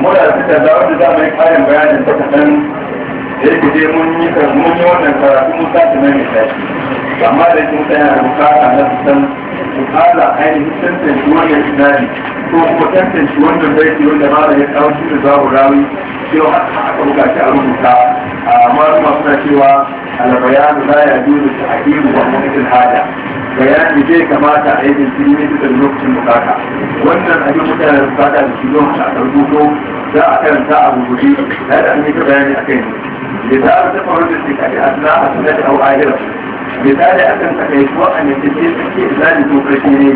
muna suka da wata damar karin bayanin ta kaɗan da yake dai mun yi mun yi wannan karatu mun sake mai mai amma da yake mutane na bukata na su san su kala ainihin tantance wannan tunani ko kuma tantance wannan baiti wanda ba da ya kawo shi da zaɓu rawi cewa haka aka bukaci a rubuta amma suna cewa albayanu la ya juzu ta hakimu wa mutum hada bayani zai kamata a yi jinkiri ne da lokacin bukata wannan abin mutane da bukata da shi lokacin a karbuto za a karanta a rubuce da da an yi ta bayani a kai da za a tafa wanda ke kaɗe a suna a suna da hau ayyar misali a kan takaituwa a nitace suke izali ko kashi ne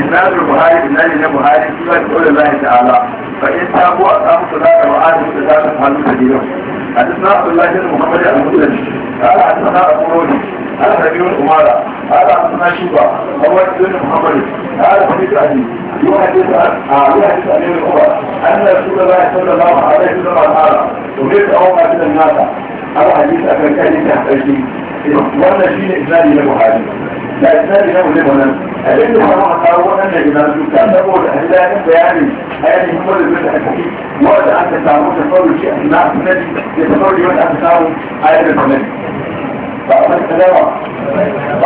islamin buhari izali na buhari shi ba da ɗaure zai ta'ala fa in sabo a samu su za ta wa'adu da za ta faru da jiran a duk na'udullahi da muhammadu al-musulmi قال حدثنا ابو رودي قال ربيع الاماره هذا عبدنا شوبة هو الدين محمد هذا حديث علي آه، يحدث يحدث عليه الخبر أن رسول الله صلى الله عليه وسلم قال وميت أوما من الناس هذا حديث أفريكاني تحتاجي وانا شيء إجلالي له حاجة لا إجلالي له لمنا الذي حرام قالوا أن إجلالي كتابه الأهلان بياني هذه هم اللي بيت الحكيم وقد أنت تعمل تطور شيء أثناء النبي يتطور يوم أثناء آيات الحمد فأما السلامة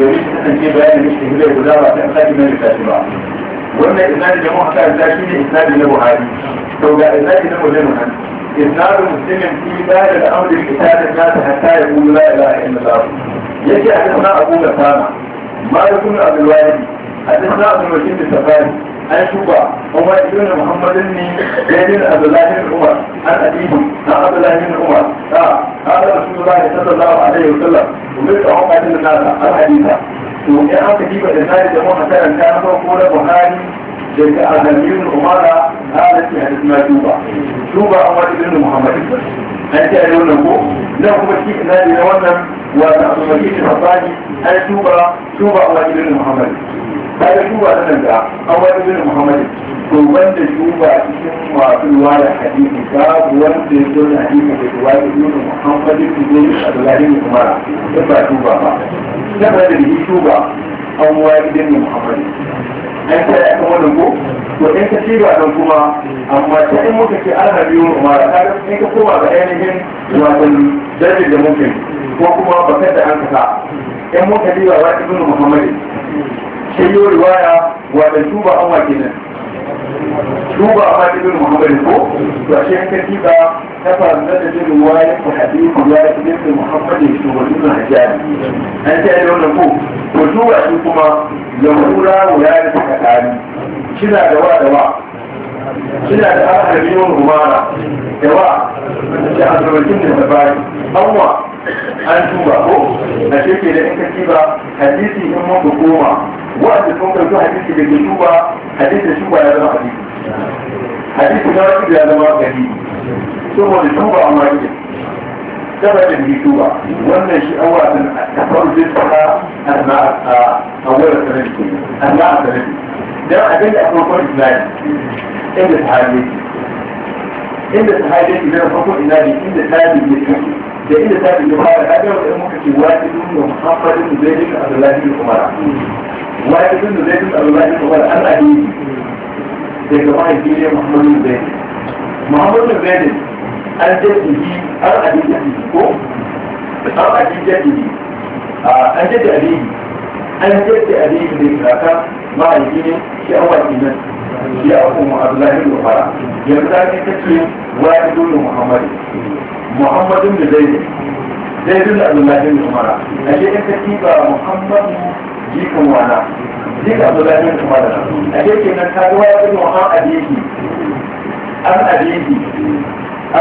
domin kasance bayanin mishi hidai guda ba sai an sake mai da shi ba wannan isnadi da mun haka da shi ne isnadi na buhari to ga isnadi na muslim nan isnadu muslimin fi bada da amri kitabin nasa hatta ya qulu la ilaha illallah yake a cikin abu da sama مالك بن عبد الوالد حدثنا عبد الوكيل السفاري عن شوبة هو ابن محمد بن زيد عبد الله بن عمر عن أبيه عن عبد الله بن عمر قال رسول الله صلى الله عليه وسلم وملك hadisin nasa al-hadisa to in an ka kiba da tsari da muka karanta na farko na buhari da ta azamirin umara halatti hadis na duba duba an wani ibn muhammad an ce a yau nan ko nan kuma shi ina ne na wannan wa na azumaki da hasani an duba duba an wani ibn muhammad ta yi duba nan da an wani ibn muhammad to wanda duba cikin masu ruwa da hadisi babu wanda ya zo da hadisi da ruwa da nuna muhammadu su zai abdullahi ne kuma da ba duba ba saboda da shi duba an wa gidan ne muhammadu an ta yi kuma da ko to in ka ci ba don kuma amma ta in muka ce an rabi wa umara ta ga in ka koma ga ainihin wasan dajin da muke ko kuma bakar da an kasa in muka ci ba wa ibn muhammadu sai yi riwaya wa da tuba an wa kenan شوبة أحد بن محمد فوق وعشان كتيبة نفر مدد الرواية وحديث رواية ابن محمد شوبة ابن الحجاج أنت أيضا فوق وشوبة أشوفما يقولا ولاية كتاني شنا دواء دواء شنا دواء حربين وغمانا دواء شعب رجل الزباري أول an duba ko a shirke da in katiba hadisi in mun hukuma wanda sun ɗauki hadisi da ke duba hadisi shi ba ya zama hadisi حديث جارك في الألوان كثير ثم لتوبة عمرية ثبت في توبة وأن الشيء أولا تفضل جدتها أثناء أولا سنة أثناء سنة ده أدل أكون قول إسلامي إن التحاليتي إن التحاليتي ده أكون إسلامي إن التحاليتي ده أكون إسلامي ده إن التحاليتي ده أكون إسلامي ده إن التحاليتي ده أكون إسلامي daga mahaifi ne muhammadu zaidi muhammadu zaidi an jaddihi an adijadi ko an adijadi an jaddi alihi an jaddi alihi da kaka mahaifi ne shi an waki nan shi a kuma abdullahi da fara yanzu ta ce take wani dole muhammadu muhammadun da zaidi zaidun da abdullahi da fara a shi in ka ba muhammadu jikan wana sai ka zo lafiya kuma da a ke ke nan karuwa ya an abiki an abiki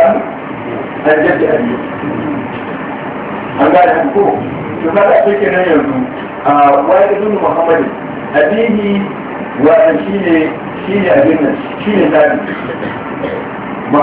an ajiyar abiki an ko to kaga ake ke nan yanzu a wani ibn muhammad abiki wa shine shine abin nan shine tabi